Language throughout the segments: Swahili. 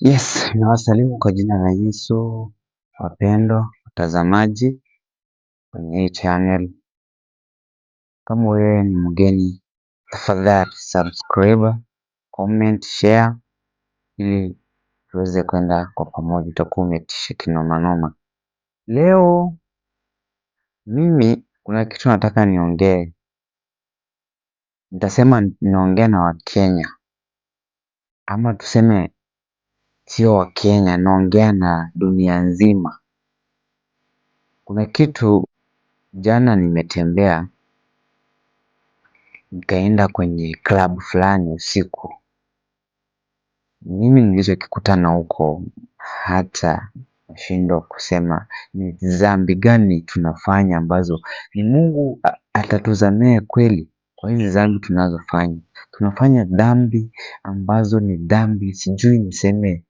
Yes, nawasalimu kwa jina la Yesu, wapendwa watazamaji kwenye hii channel. Kama wewe ni mgeni, tafadhali subscribe, comment, share ili tuweze kwenda kwa pamoja, utakuwa umetisha kinomanoma. Leo mimi kuna kitu nataka niongee, nitasema niongee na Wakenya ama tuseme sio wa Kenya naongea na dunia nzima. Kuna kitu jana nimetembea nikaenda kwenye klabu fulani usiku. Mimi nilichokikutana huko hata nashindwa kusema ni dhambi gani tunafanya ambazo ni Mungu atatuzamea kweli kwa hizi dhambi tunazofanya. Tunafanya dhambi ambazo ni dhambi, sijui niseme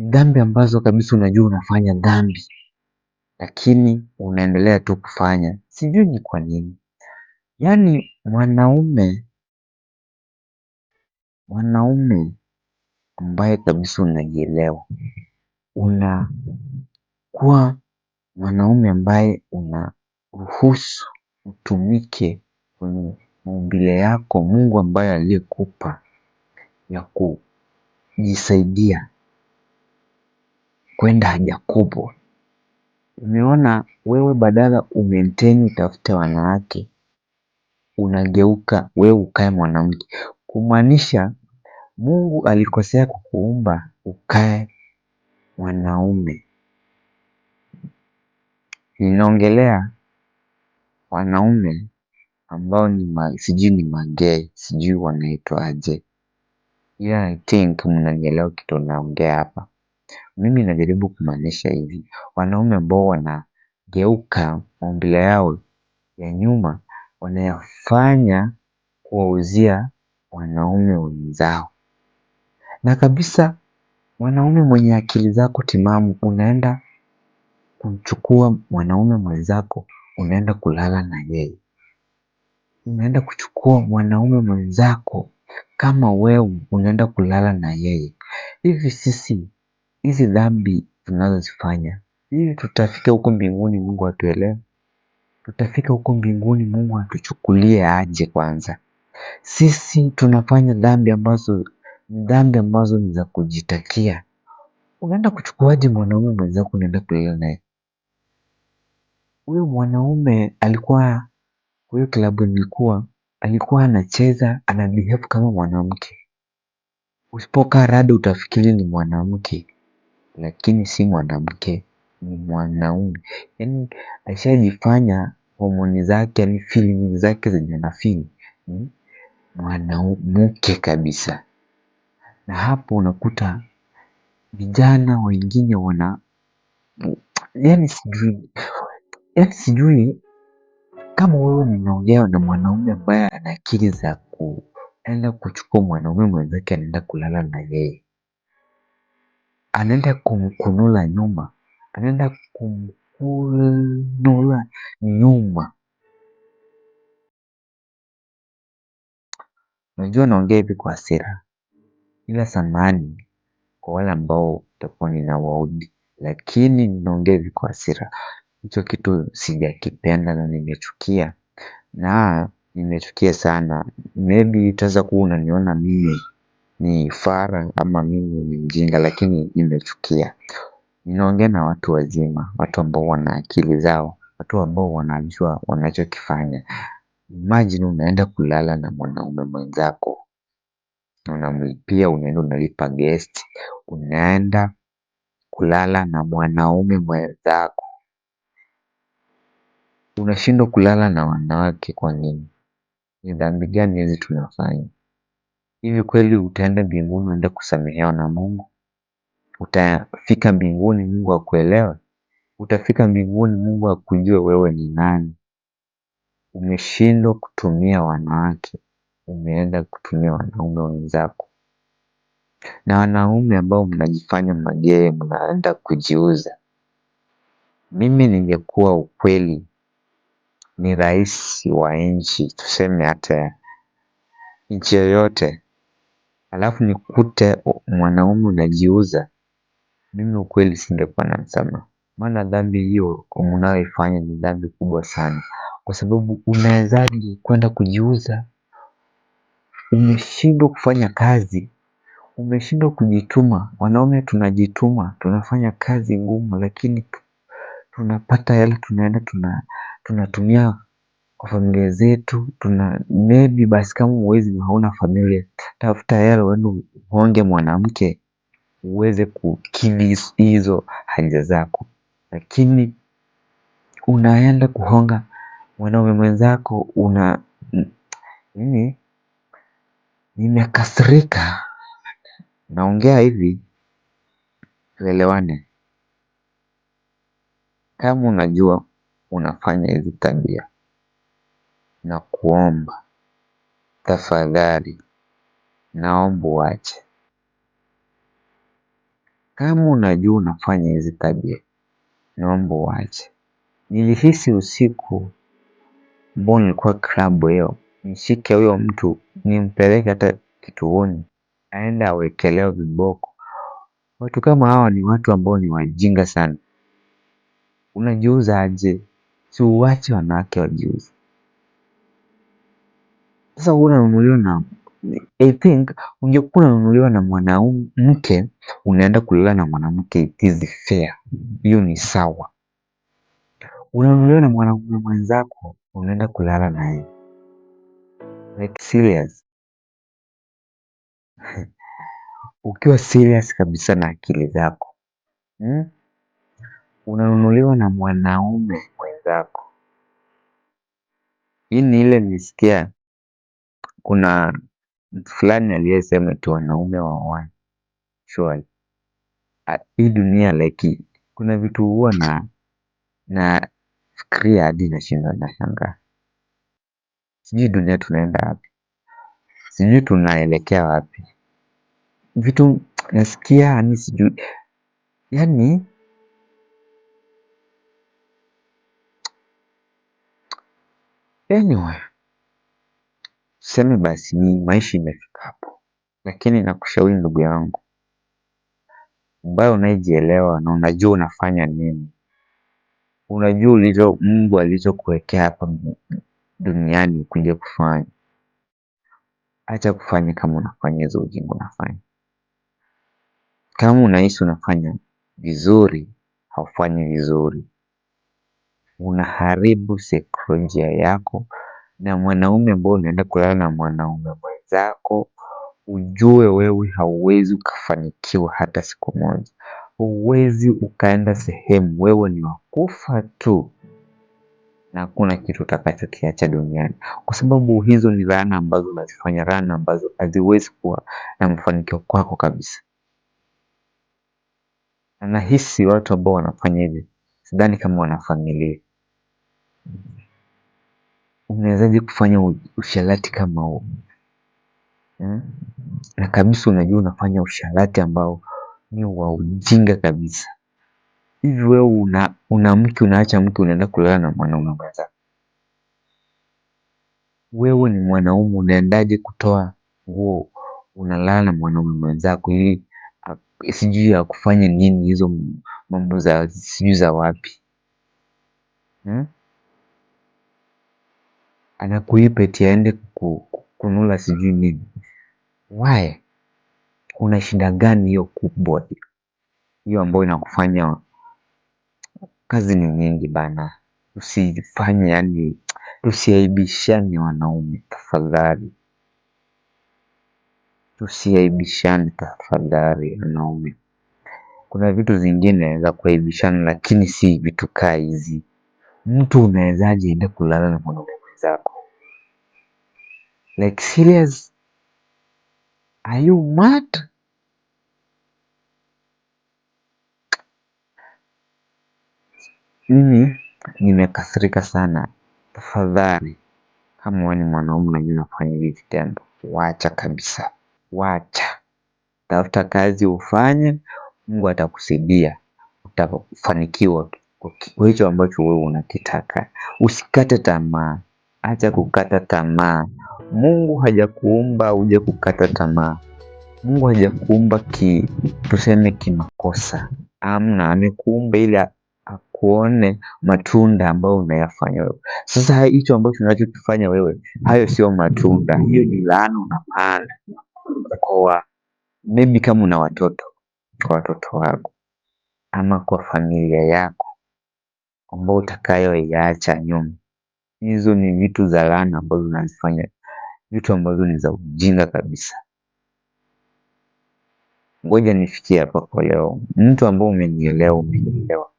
dhambi ambazo kabisa unajua unafanya dhambi, lakini unaendelea tu kufanya, sijui ni kwa nini. Yaani mwanaume mwanaume ambaye kabisa unajielewa, unakuwa mwanaume ambaye unaruhusu utumike kwenye maumbile yako Mungu ambaye aliyekupa ya kujisaidia kwenda kubwa umeona wewe badala umenteni utafute wanawake unageuka wewe ukae mwanamke, kumaanisha Mungu alikosea kukuumba ukae mwanaume. Ninaongelea wanaume ambao ni sijui ni magei, sijui wanaitwaje aje, I think mnanielewa kitu naongea hapa. Mimi najaribu kumaanisha hivi, wanaume ambao wanageuka maumbile yao ya nyuma wanayafanya kuwauzia wanaume wenzao. Na kabisa mwanaume mwenye akili zako timamu unaenda kumchukua mwanaume mwenzako unaenda kulala na yeye. Unaenda kuchukua mwanaume mwenzako kama wewe unaenda kulala na yeye. Hivi sisi hizi dhambi tunazozifanya. Ili tutafika huko mbinguni Mungu atuelewe, tutafika huko mbinguni Mungu atuchukulie aje kwanza. Sisi tunafanya dhambi ambazo dhambi ambazo ni za kujitakia. Unaenda kuchukuaje mwanaume mwenzako unaenda kulala naye? Huyo mwanaume alikuwa huyo klabu nilikuwa alikuwa anacheza anabehave kama mwanamke. Usipokaa rada utafikiri ni mwanamke lakini si mwanamke ni mwanaume. Yaani ashajifanya homoni zake yaani fiilingi zake zenye anafeel ni mwanamke kabisa. Na hapo unakuta vijana wengine wana yaani sijui yaani sijui kama wewe unaongea na mwanaume ambaye ana akili za kuenda kuchukua mwanaume mwenzake anaenda kulala na yeye anaenda kumkunula nyuma, anaenda kumkunula nyuma. Najua naongea hivi kwa hasira, ila samani kwa wale ambao nina waudi lakini ninaongea hivi kwa hasira. Hicho kitu sijakipenda na nimechukia na nimechukia sana, maybe utaweza kuwa unaniona mimi ni fara ama mimi ni mjinga lakini nimechukia. Ninaongea na watu wazima, watu ambao wana akili zao, watu ambao wanajua wanachokifanya. Imagine unaenda kulala na mwanaume mwenzako, unamlipia, unaenda unalipa guest, unaenda kulala na mwanaume mwenzako. Unashindwa kulala na wanawake kwa nini? Ni dhambi gani hizi tunafanya? Hivi kweli utaenda mbinguni uende kusamehewa na Mungu? Utafika mbinguni Mungu akuelewe? Utafika mbinguni Mungu akujue wewe ni nani? Umeshindwa kutumia wanawake, umeenda kutumia wanaume wenzako, na wanaume ambao mnajifanya magere, mnaenda kujiuza. Mimi ningekuwa ukweli, ni rais wa nchi, tuseme hata nchi yoyote, alafu nikute mwanaume unajiuza, mimi ukweli singekuwa namsamaha. Maana dhambi hiyo unayoifanya ni dhambi kubwa sana, kwa sababu unawezaje kwenda kujiuza? Umeshindwa kufanya kazi, umeshindwa kujituma. Wanaume tunajituma, tunafanya kazi ngumu, lakini tunapata hela, tunaenda tunatumia kwa familia zetu tuna maybe basi kama uwezi hauna familia, tafuta hela uende uonge mwanamke uweze kukidhi hizo haja zako. Lakini unaenda kuhonga mwanaume mwenzako una mimi Nimekasirika, naongea hivi tuelewane. Kama unajua unafanya hizi tabia na kuomba, tafadhali naomba uache. Kama unajua unafanya hizi tabia, naomba uache. Nilihisi usiku ambao nilikuwa klabu hiyo, nishike huyo mtu nimpeleke hata kituoni aende awekelewe viboko. Watu kama hawa ni watu ambao ni wajinga sana. Unajiuza aje? Si uwache wanawake wajiuze. Sasa unanunuliwa na I think ungekuwa unanunuliwa na mwanamke unaenda kulala na mwanamke it is fair. Hiyo ni sawa. Unanunuliwa na mwanamume mwenzako unaenda kulala naye. Like serious. Ukiwa serious kabisa na akili zako. Hmm? Unanunuliwa na mwanaume mwenzako. Hii ni ile nisikia kuna fulani aliyesema tu wanaume surely Hii dunia like kuna vitu huwa fikiria hadi nashindwa shanga Sijui dunia tunaenda wapi, sijui tunaelekea wapi. Vitu nasikia yani sijui yani anyway. Tuseme basi ni maisha imefika hapo, lakini nakushauri ndugu yangu ambaye unayejielewa na unajua unafanya nini, unajua ulizo Mungu alichokuwekea hapa duniani ukuja kufanya. Acha kufanya kama unafanya hizo ujinga unafanya. Kama unahisi unafanya vizuri, haufanyi vizuri, unaharibu saikolojia yako na mwanaume ambao unaenda kulala na mwanaume mwenzako, ujue wewe hauwezi ukafanikiwa hata siku moja. Huwezi ukaenda sehemu, wewe ni wakufa tu na hakuna kitu utakachokiacha duniani, kwa sababu hizo ni laana ambazo unazifanya, laana ambazo haziwezi kuwa na mafanikio kwako kabisa. Na nahisi watu ambao wanafanya hivi, sidhani kama wana familia unawezaje kufanya usharati kama huo eh? Na kabisa unajua unafanya usharati ambao ni wa ujinga kabisa. Hivi wewe una, una mke unaacha mke unaenda kulala na mwanaume mwenzako, wewe ni mwanaume, unaendaje kutoa nguo unalala na mwanaume mwenzako ili sijui ya kufanya nini, hizo mambo za sijui za wapi hmm? anakuipa eti aende kununua sijui nini. Why? Una shida gani hiyo kubwa hiyo ambayo inakufanya kazi ni nyingi bana, usifanye yani, tusiaibishane wanaume tafadhali, tusiaibishane tafadhali wanaume. Kuna vitu zingine za kuaibishana, lakini si vitu kaa hizi. Mtu unawezaje enda kulala na mwanamke zako. Like serious? Are you mad? Mimi nimekasirika sana. Tafadhali, kama wewe ni mwanaume na mimi nafanya hivi vitendo, wacha kabisa, wacha. Tafuta kazi ufanye, Mungu atakusaidia, utafanikiwa kwa hicho ambacho wewe unakitaka. Usikate tamaa. Acha kukata tamaa. Mungu hajakuumba uje kukata tamaa. Mungu hajakuumba ki tuseme kimakosa. Amna, amekuumba ili akuone matunda ambayo unayafanya wewe. Sasa hicho ambacho unachokifanya wewe, hayo sio matunda, hiyo ni laana unapanda kwa maybe kama una watoto, kwa watoto wako ama kwa familia yako ambao utakayoiacha nyuma. Hizo ni vitu za laana ambazo unazifanya, vitu ambazo ni za ujinga kabisa. Ngoja nifikie hapa kwa leo. Mtu ambaye umenielewa, umenielewa.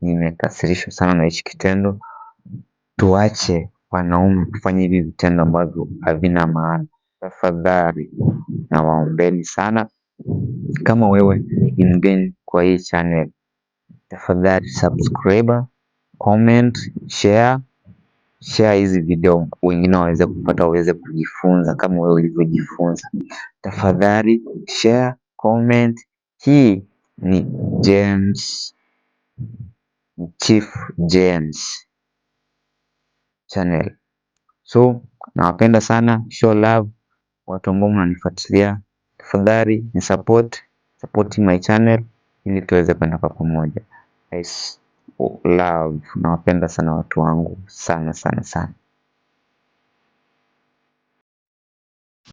Nimekasirishwa sana na hichi kitendo. Tuache wanaume kufanya hivi vitendo ambavyo havina maana. Tafadhali nawaombeni sana, kama wewe ni mgeni kwa hii channel, tafadhali subscribe, comment, share. Share hizi video wengine waweze kupata waweze kujifunza kama wewe ulivyojifunza. Tafadhali share, comment. Hii ni James Chief James channel. So nawapenda sana, show love watu ambao mnanifuatilia. Tafadhali ni support, supporting my channel ili tuweze kwenda kwa pamoja. Nice love nawapenda sana watu wangu sana sana sana.